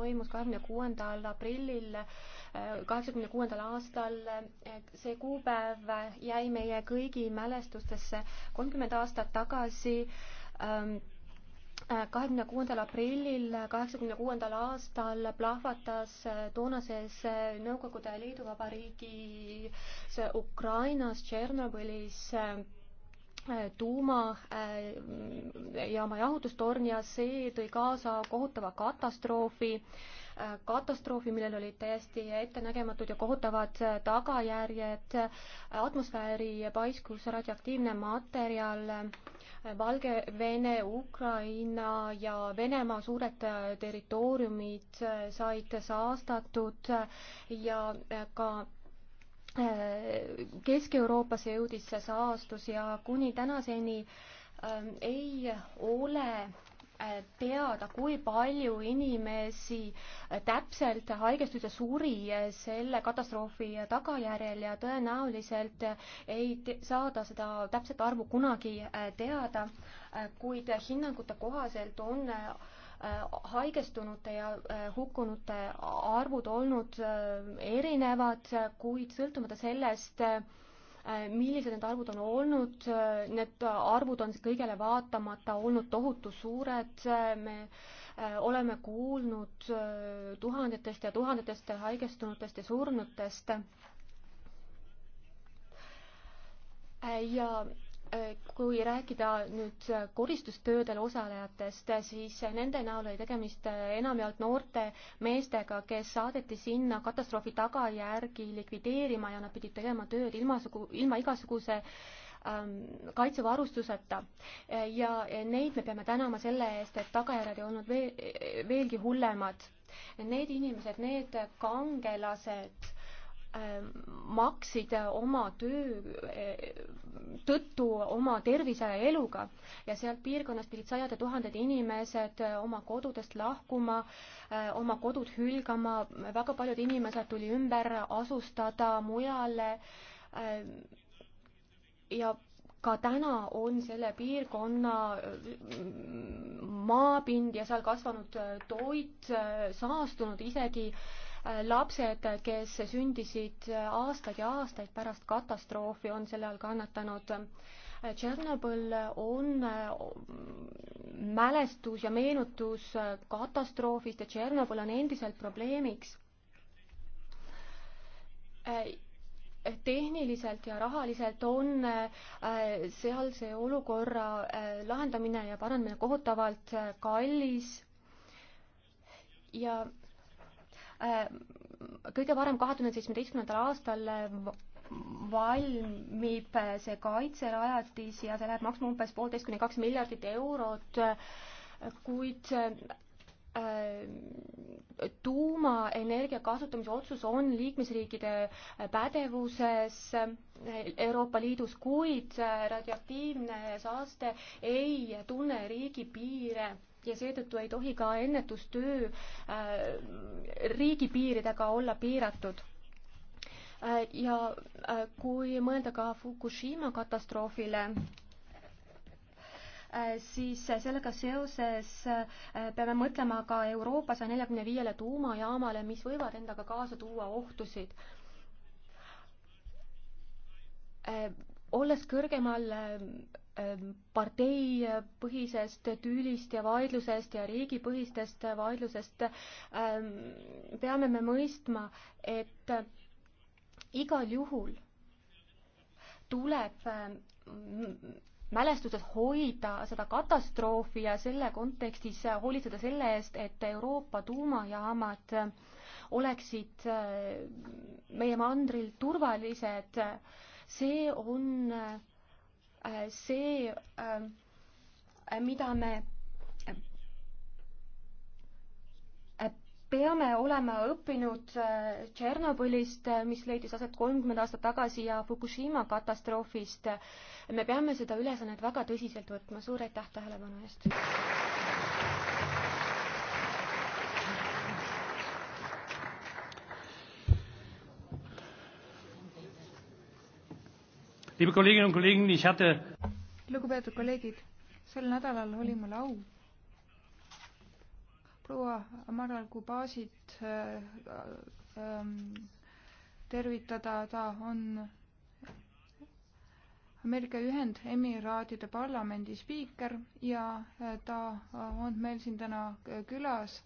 toimus kahekümne kuuendal aprillil äh, kaheksakümne kuuendal aastal. see kuupäev jäi meie kõigi mälestustesse kolmkümmend aastat tagasi ähm, äh, kahekümne kuuendal aprillil kaheksakümne kuuendal aastal plahvatas äh, toonases Nõukogude Liidu Vabariigis Ukrainas Tšernobõlis tuumajaama äh, jahutustorn ja see tõi kaasa kohutava katastroofi, äh, katastroofi, millel olid täiesti ettenägematud ja kohutavad äh, tagajärjed, atmosfääri paiskus radioaktiivne materjal, Valgevene, Ukraina ja Venemaa suured territooriumid said saastatud ja ka Äh, Kesk-Euroopasse jõudis see saastus ja kuni tänaseni ähm, ei ole äh, teada, kui palju inimesi äh, täpselt haigestus ja suri selle katastroofi tagajärjel ja tõenäoliselt ei saada seda täpset arvu kunagi teada, kuid hinnangute kohaselt on Äh, haigestunute ja äh, hukkunute arvud olnud äh, erinevad, kuid sõltumata sellest, millised need arvud on olnud, need arvud on kõigele vaatamata olnud tohutu suured, me oleme kuulnud tuhandetest ja tuhandetest haigestunutest ja surnutest. ja kui rääkida nüüd koristustöödel osalejatest, siis nende näol oli tegemist enamjaolt noorte meestega, kes saadeti sinna katastroofi tagajärgi likvideerima ja nad pidid tegema tööd ilma sugu, ilma igasuguse ähm, kaitsevarustuseta. ja neid me peame tänama selle eest, et tagajärjed ei olnud veel, veelgi hullemad. Need inimesed, need kangelased Ähm, maksid oma töö äh, tõttu oma tervise ja eluga ja sealt piirkonnast pidid sajad ja tuhanded inimesed äh, oma kodudest lahkuma, äh, oma kodud hülgama, väga paljud inimesed tuli ümber asustada mujale. ja ka täna on selle piirkonna maapind ja seal kasvanud toit saastunud isegi äh, lapsed, kes sündisid aastaid ja aastaid pärast katastroofi, on selle all kannatanud. Tšernobõl on mälestus ja meenutus katastroofist ja Tšernobõl on endiselt probleemiks tehniliselt ja rahaliselt on äh, sealse olukorra äh, lahendamine ja parandamine kohutavalt äh, kallis ja Äh, kõige varem kahe tuhande seitsmeteistkümnendal aastal äh, valmib äh, see kaitserajatis ja see läheb maksma umbes poolteist kuni kaks miljardit eurot, kuid tuumaenergia kasutamise otsus on liikmesriikide pädevuses Euroopa Liidus, kuid radioaktiivne saaste ei tunne riigipiire ja seetõttu ei tohi ka ennetustöö äh, riigipiiridega olla piiratud äh, ja äh, kui mõelda ka Fukushima katastroofile, siis sellega seoses peame mõtlema ka Euroopa saja neljakümne viiele tuumajaamale, mis võivad endaga kaasa tuua ohtusid olles kõrgemal ähm, parteipõhisest tüülist ja vaidlusest ja riigipõhistest vaidlusest, ähm, peame me mõistma, et äh, igal juhul tuleb ähm, mälestuses hoida seda katastroofi ja selle kontekstis hoolitseda selle eest, et Euroopa tuumajaamad oleksid äh, meie mandril turvalised äh, see on äh, see, ähm, mida me äh, peame olema õppinud äh, Tšernobõlist, mis leidis aset kolmkümmend aastat tagasi ja Fukushima katastroofist. me peame seda ülesannet väga tõsiselt võtma, suur aitäh tähelepanu eest! lugupeetud kolleegid, sel nädalal oli mul au proua Maral Kubasit äh, äh, tervitada, ta on Ameerika Ühendemiraadide parlamendi spiiker ja äh, ta on meil siin täna äh, külas